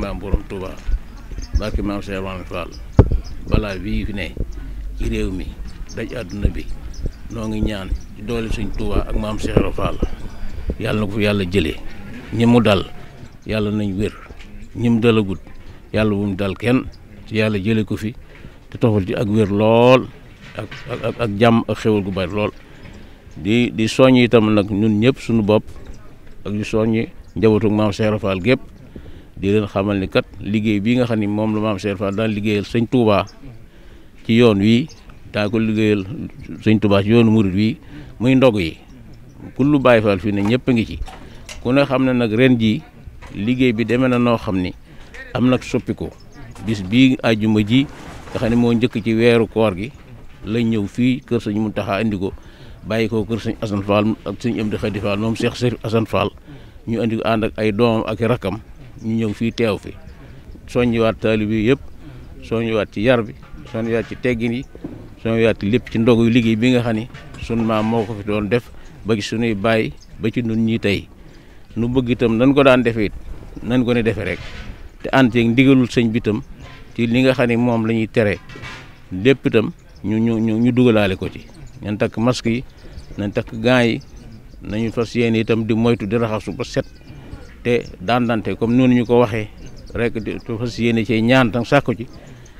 maam borom Touba barke maam Cheikh Ibrahima Fall balaa bii fi ne ci réew mi daj àdduna bi noo ngi ñaan ci doole suñ Touba ak maam Cheikh Ibrahima Fall yàlla na ko fi yàlla jëlee ñi dal yàlla nañ wér ñi mu dalagut yàlla bu mu dal kenn ci yàlla jële ko fi te toxal ci ak wér lool ak ak ak jàmm gu bari lool di di soññ itam nag ñun ñëpp suñu bopp ak ñu soññi njabootu maam Cheikh Ibrahima Fall gépp di leen xamal ni kat liggéey bii nga xam ni moom la maam Cheikh Fall daan liggéeyal sëñ Touba ci yoon wi daa ko liggéeyal sëñ Touba ci yoonu murit muy ndog yi ku lu bàyyi Fall fii ne ñëpp a ngi ci ku ne xam ne nag ren ji liggéey bi deme na noo xam ni am nag soppiku bis bii àjjuma ji nga xam ne moo njëkk ci weeru koor gi lañ ñëw fii kër sëñ taxa indi ko bàyyi koo kër sëñ Assane Fall ak sëñ Amdi Khady Fall moom Cheikh Serif Assane Fall ñu indi ko ànd ay doomam ak ñu ñëw fii teew fi soññiwaat taalibe yi yëpp soññiwaat ci yar bi soññiwaat ci teggin yi soññiwaat ci lépp ci ndogu liggéey bi nga xam ni sunu maam moo ko fi doon def ba ci sunuy bàyyi ba ci nun ñi tey nu bëgg itam nan ko daan defee nan ko ne defee rek te ànd ceeg ndigalul sëñ bi itam ci li nga xam ne moom la ñuy tere lépp itam ñu ñu ñu ñu dugalaale ko ci nañ takk masque yi nañ takk gants yi nañu fas yéene itam di moytu di raxasu ba set te dandante dante comme noonu ñu ko waxee rek te si yéene cee ñaan tam sàkku ci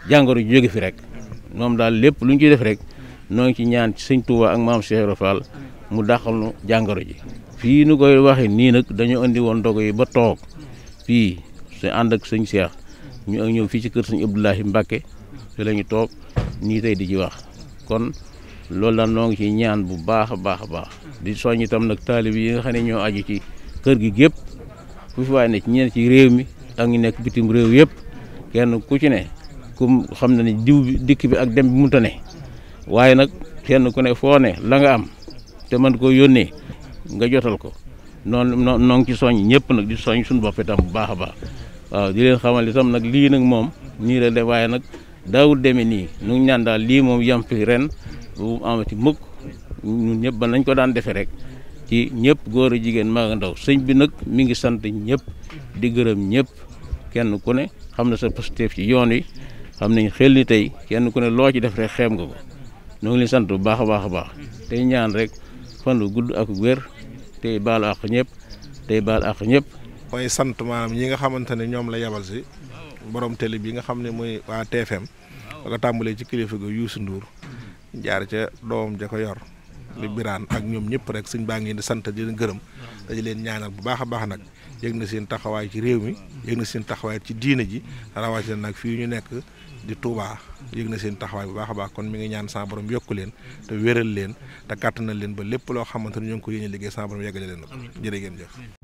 jàngoro ji jóge fi rek moom daal lépp lu ñu ciy def rek noo ngi ci ñaan ci sëñ Touba ak maam Cheikh Ibra Fall mu dàqal nu jàngoro ji. fii nu koy waxee nii nag dañoo indi woon ndogo yi ba toog fii su ànd ak sëñ Cheikh ñu ak ñëw fii ci kër sëñ Abdoulahi Mbacke fi la ñu toog nii tey di ci wax kon loolu daal noo ci ñaan bu baax a baax a baax di soññ itam nag taalib yi nga xam ne ñoo aju ci kër gi gépp ku fi waaye ne ci ñeneen ci réew mi ak ngi nekk bitim réew yépp kenn ku ne ku xam na ne diw bi dikk bi ak dem bi mënta ne waaye nag kenn ku ne foo ne la am te mën koo yónnee nga jotal ko noonu noonu noo ngi ci soññ ñëpp nag di soññ suñu boppe itam bu baax a baax waaw di leen xamal itam nag lii nag moom nii la de waaye nag daawul deme nii nu ñaan daal lii moom yam ren bu amati mukk ñun ñëpp ba nañ ko daan defee rek ci ñëpp góor a jigéen mag a ndaw sëñ bi nag mi ngi sant ñëpp di gërëm ñëpp kenn ku ne xam na sa positif ci yoon wi xam nañ xel ni tey kenn ku ne loo ci def rek xeem nga ko ñoo ngi leen sant bu baax a baax a baax tey ñaan rek fan lu gudd ak wér tey baal àq ñëpp tey baal àq ñëpp. mooy sant maanaam ñi nga xamante ne ñoom la yabal si boroom télé bi nga xam ne mooy waa TFM ba ko tàmbalee ci kilifa ga Youssou Ndour jaar ca doom ja ko yor. li biraan ak ñoom ñëpp rek sëñ baa ngi di sant di gërëm dañu leen ñaanal bu baax a baax nag yëg na seen taxawaay ci réew mi yëg na seen taxawaay ci diina ji rawatina nag fii ñu nekk di Touba yëg na seen taxawaay bu baax a baax kon mi ngi ñaan sa borom yokku leen te wéral leen te kàttanal leen ba lépp loo xamante ni ñoo ngi ko yéene liggéey sa borom yeggale leen ko jërë ngeen